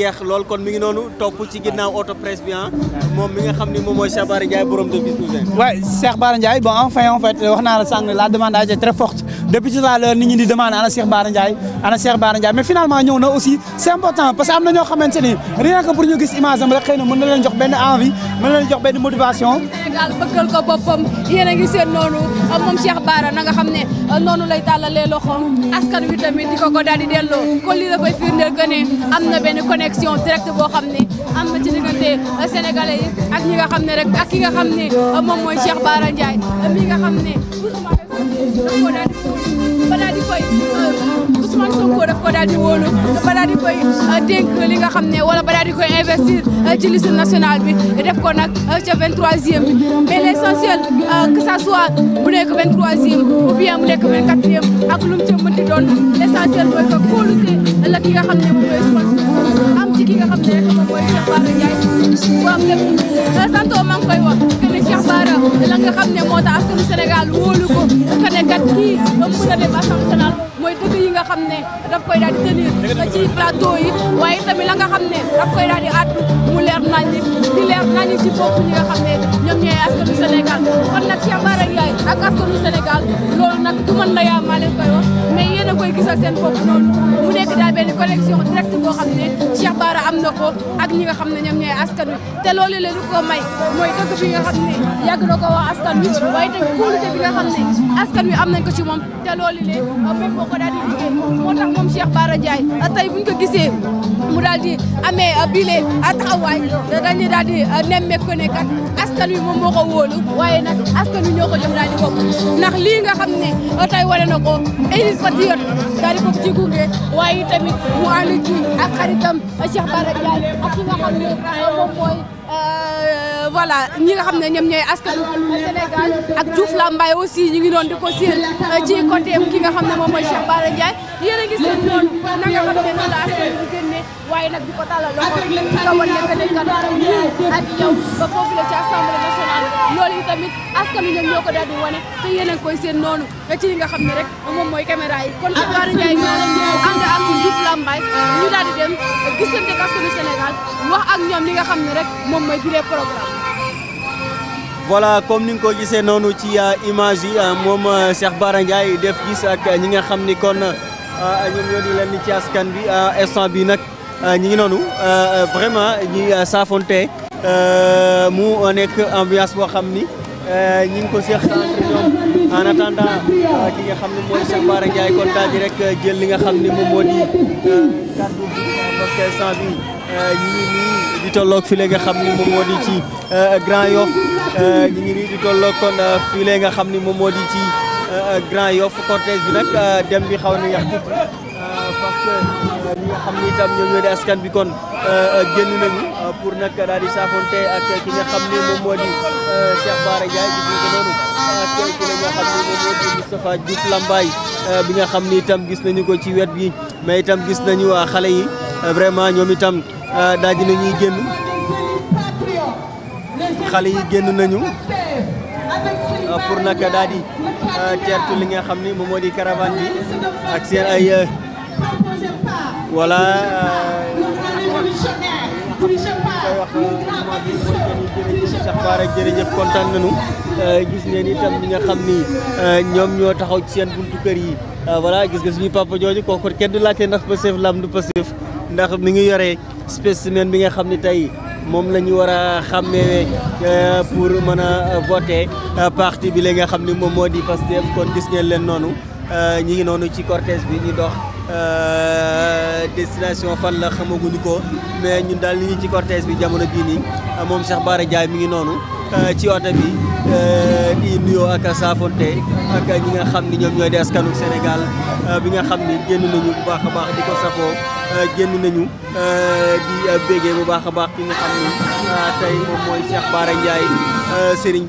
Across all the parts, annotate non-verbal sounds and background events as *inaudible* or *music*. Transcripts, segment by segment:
yeex lool kon mi ngi noonu topp ci ginnaaw auto presse bi ah, moom mi nga xam ni moom mooy Cheikh Bara Ndiaye borom de bis waaye Cheikh Bara Ndiaye bon enfin en wax naa la sànq la demande a été depuis tout à l'heure nit ñi di demander ana Cheikh Bara Ndiaye ana Cheikh Bara Ndiaye mais finalement ñëw na aussi c' est important parce que am na ñoo xamante ni rien que pour ñu na leen jox benn envie mën na leen jox benn motivation. Sénégal bëggal ko boppam yéen a ngi seen noonu ah, moom Cheikh Bara na nga xam ne ah, am na benn connexion directe boo xam ne am na ci diggante ah, sénégalais yi ak xam ne rek ak ki xam ne moom mooy Cheikh Bara Ndiaye mi nga xam ne daf koo daal di wóolu ba daal di koy Ousmane Sonko daf koo daal di wóolu ba daal di koy dénk ne wala ba daal investir ci euh, liste bi def ko nag ca euh, 23e bi mais l' essentiel que ça soit bu nekk 23e ou bien mu nekk 24e ak lu mu ca mënti doon l' essentiel mooy que kóolute la ki nga xam ne moom mooy Ousmane Sonko am ci ki nga xam ne rek moom mooy Cheikh Bara Ndiaye bu am lépp sant maa ngi koy wax. dara la ne moo tax askanu Sénégal wóolu ko ka ne kat kii mën na dem assemblée nationale mooy xam ne daf koy daal di ci plateau yi waaye tamit la nga ne daf koy daal di àddu mu leer nañu di ci bopp ñi nga xam ne ñoom ñooy askanu Sénégal kon nag Cheikh Bara Ndiaye ak askanu Sénégal loolu nag du mën na yaa maa leen koy wax mais yéen a koy gisal seen bopp noonu mu nekk daal ne Cheikh Bara am na ak ñi nga ne ñoom ñooy askan wi te loolu la lu ko may mooy dëgg bi nga ne yàgg ko wax askan wi ne askan wi am nañ ko ci te loolu la bépp moo ko daal di liggéey moo tax moom Cheikh Bara Ndiaye tey mu daal di amee euh, bile euh, taxawaay dañuy daal euh, ne kat askan wi moom moo ko wóolu waaye nag askan wi ñoo ko jox daal lii nga xam daal di ci gunge waaye tamit mu ànd ci ak xaritam Cheikh Bara Ndiaye ak ki Euh, voilà ñi nga xam ne ñoom ñooy askan Sénégal ak Diouf Lambaye aussi ñu ngi doon di ko seen euh, ci côté ki nga xam ne moom mooy Cheikh Bara Ndiaye yéen a gis leen xam ne noonu la askan waaye nag di ko tàllal loxo xamal ne di ak yow ba foofu la ci assemblée loolu yi tamit askan ñoom ñoo ko daal te yéen koy seen noonu ci li nga xam ne rek moom mooy caméra kon Cheikh Bara Ndiaye ñoo ak Diouf Lambaye ñu daal di dem gisante ak askanu Sénégal wax ak ñoom li nga xam ne rek moom mooy biir programme voilà comme ni nga ko gisee noonu ci image yi moom Cheikh Bara Ndiaye def gis ak ñi nga xam ni kon ñoom ñoo di leen ci askan bi instant bi nag Euh, ñi ngi noonu euh, euh, vraiment ñi saafonte mu nekk ambiance boo xam ni ñi ngi ko seex entre ñoom en attendant ki nga xam ne mooy Cheikh Bara kon daal rek jël li nga xam ni moom moo di kàddu bi parce que sant bi ñi nga xam ni moom moo di ci Grand Yoff ñi ngi nii di tolloog kon nga xam ni moom moo di ci Grand Yoff cortège bi nag dem bi xaw na yàq parce ñi nga xam ni itam ñoom ñoo askan bi kon euh, euh, génn nañu euh, pour nag daal di saafonte ak ki nga xam ni moom moo di Cheikh Bara Ndiaye gis noonu ak ki xam ni moom moo bi nga xam ni itam gis nañu ko ci wet bi mais itam gis nañu xale yi vraiment ñoom itam daal di nañuy génn xale yi génn nañu pour nag daal teertu li nga xam ni moom moo di caravane bi ak seen ay. voilà Cheikh Bara jërëjëf kontaan nañu euh, gis ngeen itam ñi nga xam ni euh, ñoom ñoo taxaw ci seen buntu kër yi euh, voilà gis nga ñu papa jooju kooku kenn du laajte ndax Pastef lam du Pastef ndax mi ngi yore spécimen bi nga xam ni tey moom la ñu war a xàmmee pour mën a voter parti bi la nga xam ni moom moo di Pastef kon gis ne leen noonu ñi ngi noonu ci cortège bi ñu dox. Euh, destination fan la xamaguñu ko mais ñun daal ñu ngi ci cortège bi jamono bii nii moom Cheikh Bara Ndiaye mi ngi noonu euh, ci oto bi euh, di nuyoo ak saafonte ak ñi nga xam ni ñoom ñooy di askanu Sénégal bi nga xam ni génn nañu bu baax a baax di ko safoo génn nañu di bégee bu baax a baax ki nga xam ni tey moom mooy Cheikh Bara Ndiaye Serigne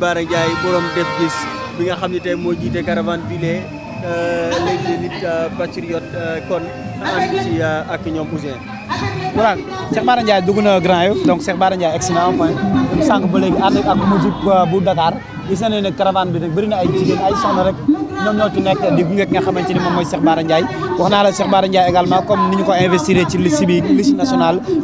def gis bi nga xam ni tey moo jiite caravane bile les euh, élites euh, patriotes euh, kon ànd ci ak ñoom Ouzin. voilà Cheikh Bara Ndiaye dugg na Grand Yoff donc Cheikh Bara Ndiaye egg si na am point sànq ba léegi ànd ak musique bu Dakar gis nañu ne caravane bi nag na ay jigéen ay soxna rek ñoom ñoo nga xamante ni moom mooy Cheikh Bara Ndiaye wax naa la Cheikh Bara comme ni ko investir ci liste bi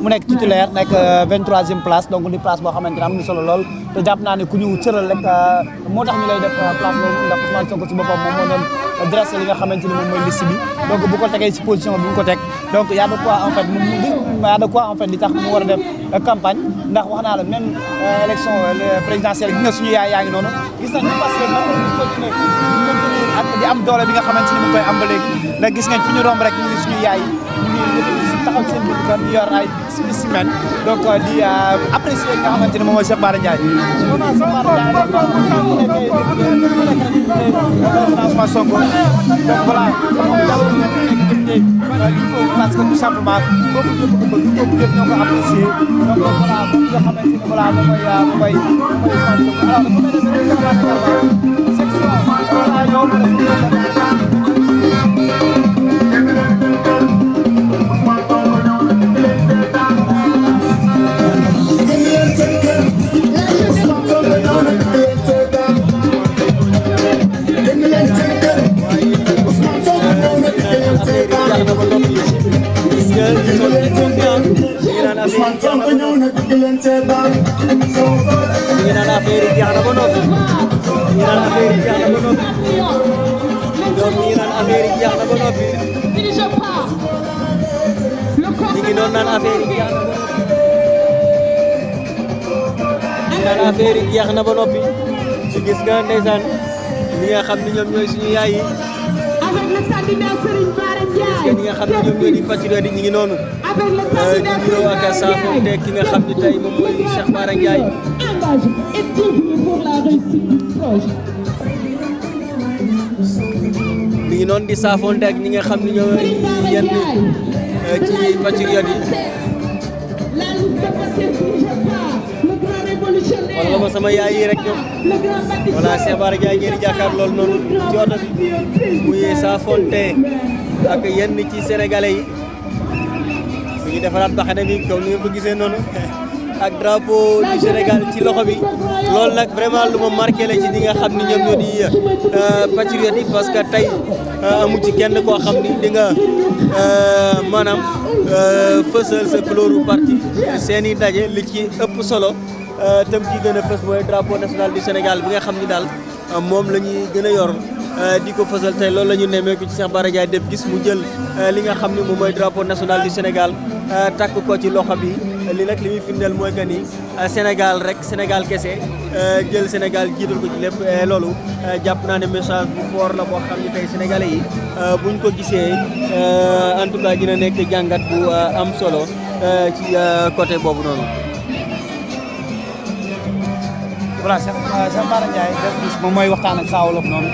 mu nekk titulaire nekk 23e place donc di place boo xamante ne am na solo lool. te jàpp naa ne ku ñu cëral rek euh, moo tax ñu lay def euh, a boobu ndax Ousmane Sonko ci boppam moom moo doon dressé li nga xamante ni moom mooy liste bi donc bu ko tegee si position bi mu ko teg donc y a de quoi en fait mu y a tax mu war a def euh, campagne ndax wax naa la même élection présidentielle gi nga suñu yaay yaa ngi noonu gis nañu parce que nan lañu continuer maintenir ak di am doole bi nga xamante ni mu koy am ba léegi ndax gis ngeen fi ñu romb rek ñu suñu yaay taxaw seen biir kër yor ay spécimen donc euh, di euh, apprécier nga xamante ni moom mooy Cheikh Bara Ndiaye. Bara Ndiaye nag mu nekkee na nekk député li ko parce que tout simplement boobu ñëpp ko bëgg boobu ñëpp ñoo ko apprécier donc voilà moom nga xamante ni voilà affaire yi jeex na ba noppi ñu naan affaire yi jeex na ba noppi ñoom ñu naan affaire yi jeex na ba xam ne ñoom ñooy suñu yaay yi xam ne ñoom ñooy di patriote yi ñu xam ne tey courage et bienvenue pour la réussite du projet. mi ngi noonu di saafoonte ak ñi nga xam euh, ne ñoo yenn ci patriote yi. wala ma sama yaay yi rek ñoom voilà Cheikh Bara Ndiaye ngeen di jàkkaar loolu noonu ci oto bi muy saafoonte ak yenn ci sénégalais yi. ñu defaraat baxane bi ni nga gisee noonu. *laughs* ak drapeau du Sénégal ci loxo bi loolu nag vraiment lu ma marqué la ci ñi nga xam ni ñoom ñoo di euh, patriote yi parce que tey euh, amu ci kenn ko xam ni di nga euh, maanaam fësal sa couleur parti seen i daje li ci ëpp solo tam ci gën a fës mooy drapeau national di Sénégal bi nga xam ni daal moom la ñuy gën a yor. di ko fësal tey loolu la ñu nemmeeku ci Cheikh Bara Ndiaye gis mu jël li nga xam ne moom mooy drapeau national du Sénégal takk ko ci loxo bi li nag li muy firndeel mooy que euh, Sénégal rek Sénégal kese euh, jël Sénégal jiital ko ci lépp loolu euh, jàpp naa ne message bu fort la boo xam ne tey sénégalais yi buñ ko gisee en tout cas nekk jàngat bu am solo ci côté boobu noonu. voilà Cheikh Bara Ndiaye def moom mooy waxtaan ak Saa noonu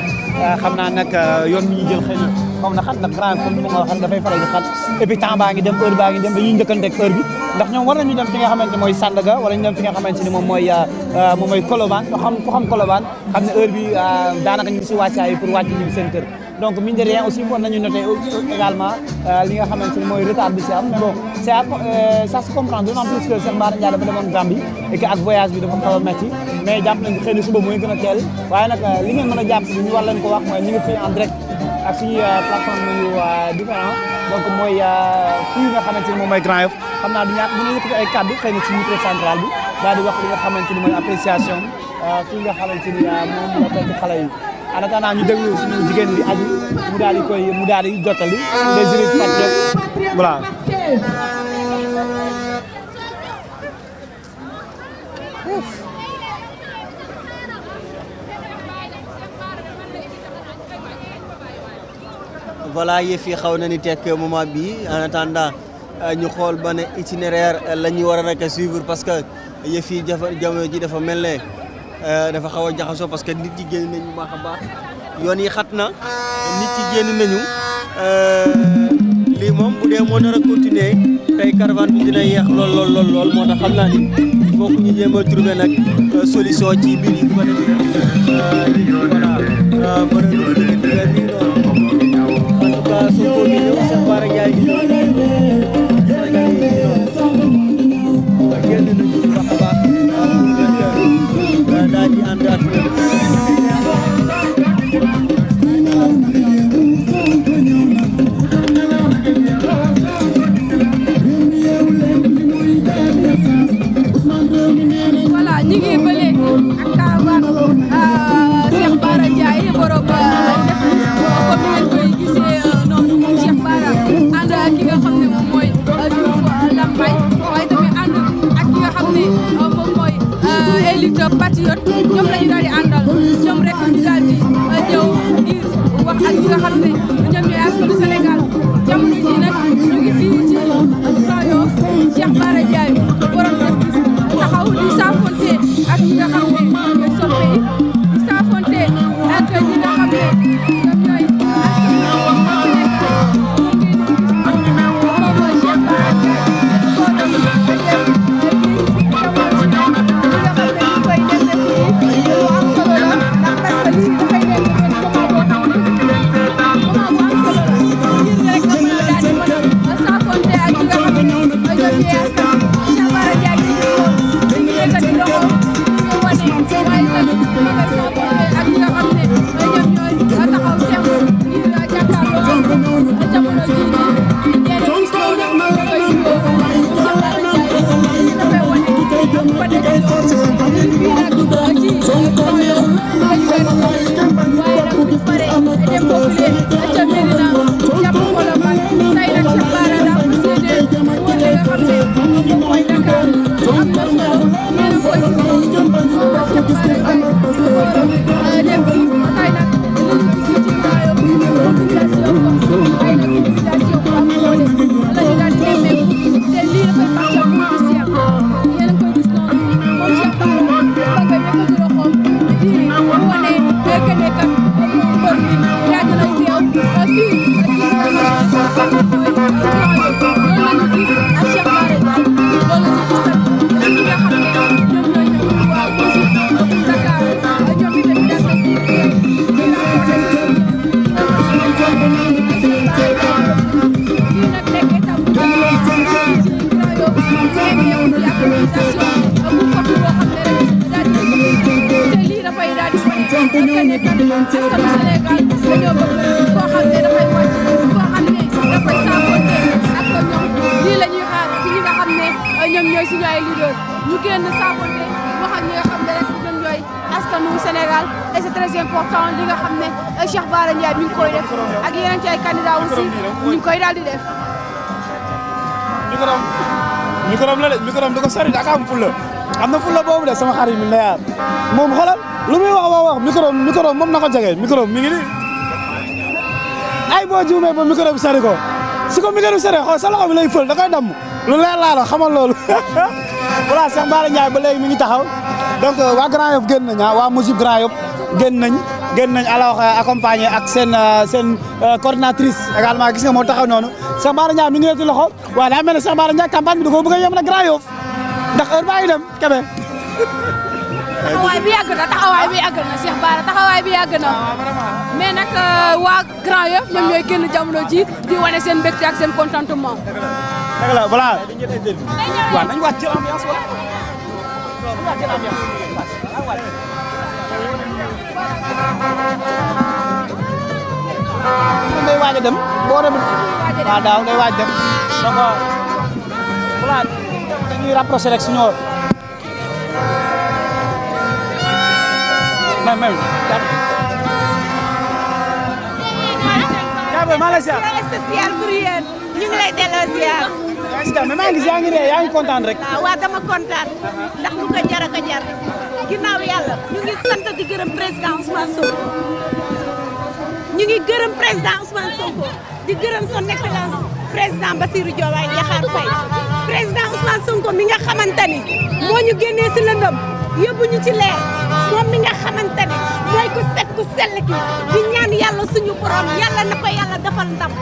xam naa nag yoon mi ñu jël xëy moom na xat ndax grand comme ni ma ko waxee dafay faral di xat et puis temps baa ngi dem heure baa ngi dem dañuy njëkkanteeg heure bi ndax ñoom war nañu dem fi nga xamante mooy Sandaga wala ñu dem fi nga xamante ni moom mooy euh, moom mooy Colobane ko xam ko xam Colobane xam ne heure bi euh, daanaka ñu ngi si wàccaay pour wàcc ñibi seen kër donc mine de rien aussi war nañu noter également euh, li nga xamante ni mooy retard bi si am mais bon c' est ça se comprend d'autant plus que seen Mbaara Ndiaye dafa demoon Gambie et que ak voyage bi dafa xaw a metti mais jàpp nañu xëy na suba mooy gën a teel waaye nag li ngeen mën a jàpp ñu war leen ko wax mooy ñu ngi fii en direct ak suñuy euh, plateforme yu euh, différent donc mooy euh, fii nga xamante ni moom mooy Grand Yoff xam naa du ñàkk bu ñu yëkkati ay kàddu xëy na ci micro central bi daal di wax li nga xamante ni mooy appréciation fii nga xamante ni moom la toll xale yi en attendant ñu déglu suñu jigéen bi aju mu daal di koy mu daal di jottali les jeunes patriotes voilà yëf yi xaw na ni tekk moment bi en attendant euh, ñu xool ba ne itinéraire euh, lañuy ñuy war a rek suivre parce que yëf yi jafe jamono ji dafa mel ne euh, dafa xaw a jaxasoo parce que nit yi génn nañu baax a baax yoon yi xat na nit yi génn moom bu dee moo nar a continuer tey caravane dina yeex lool lool lool moo tax xam naa ni il faut que ñu a trouver nag solution ci biir yi bu ko defee voilà Sonko mi ñëw Cheikh Bara Ndiaye ak ñi nga xam ne ñoom ñooy suñu ay leader ñu génn saafonte wax ak ñi nga xam ne rek ñoom ñooy askanu Sénégal et c'est très important li nga xam ne Cheikh Bara Ndiaye mi ngi koy def ak yeneen ci ay candidat aussi ñu ngi koy daal di def micro micro la de micro da ko sori da ka am fulla am na fulla boobu de sama xarit mi ndeyaar moom xoolal lu muy wax wax wax micro micro moom na ko jege micro mi ngi ni ay boo juumee ba micro bi sori ko su ko micro bi sori xool sa loxo bi lay fël da koy damm lu leer laa la xamal loolu *laughs* voilà Cheikh Bara Ndiaye ba léegi mi ngi taxaw donc euh, waa Grand Yoff génn nañ ah, waa musique Grand Yoff génn nañ génn nañ alors euh, accompagné ak seen euh, seen coordinatrice également gis nga moo taxaw noonu Cheikh Bara Ndiaye mi ngi yëkkati loxo waaw daa mel ne Cheikh Bara Ndiaye campagne bi da koo bëgg a yem na Grand Yoff ndax heure baa ngi dem kebe *laughs* taxawaay bi yàgg yàgg na Cheikh Bara taxawaay yàgg na mais nag waa Grand Yoff ñoom ñooy génn jamono ji di wane seen mbégte ak seen contentement. dëgg la voilà. nañu wàcc ci ambiance wala. day waaj a dem boo demee waaw daaw day waaj dem may may yaa booy maa la ziar. spécial pour yéen ñu ngi lay delloo ziar. yaa ngi si jàmm mais maa ngi gis yaa ngi ree yaa ngi kontaan rek. waaw dama kontaan ndax lu ko jar a ko jar ginnaaw yàlla ñu ngi sant di gërëm président Ousmane Sonko ñu ngi gërëm président Ousmane Sonko di gërëm son excellence président Bassirou Diomaye Diakhar Faye président Ousmane Sonko mi nga xamante ni moo ñu génnee si lëndëm. yóbbuñu ci leer moom mi nga xamante ne mooy ku set ku sell ki di ñaan yàlla suñu borom yàlla na ko yàlla defal ndam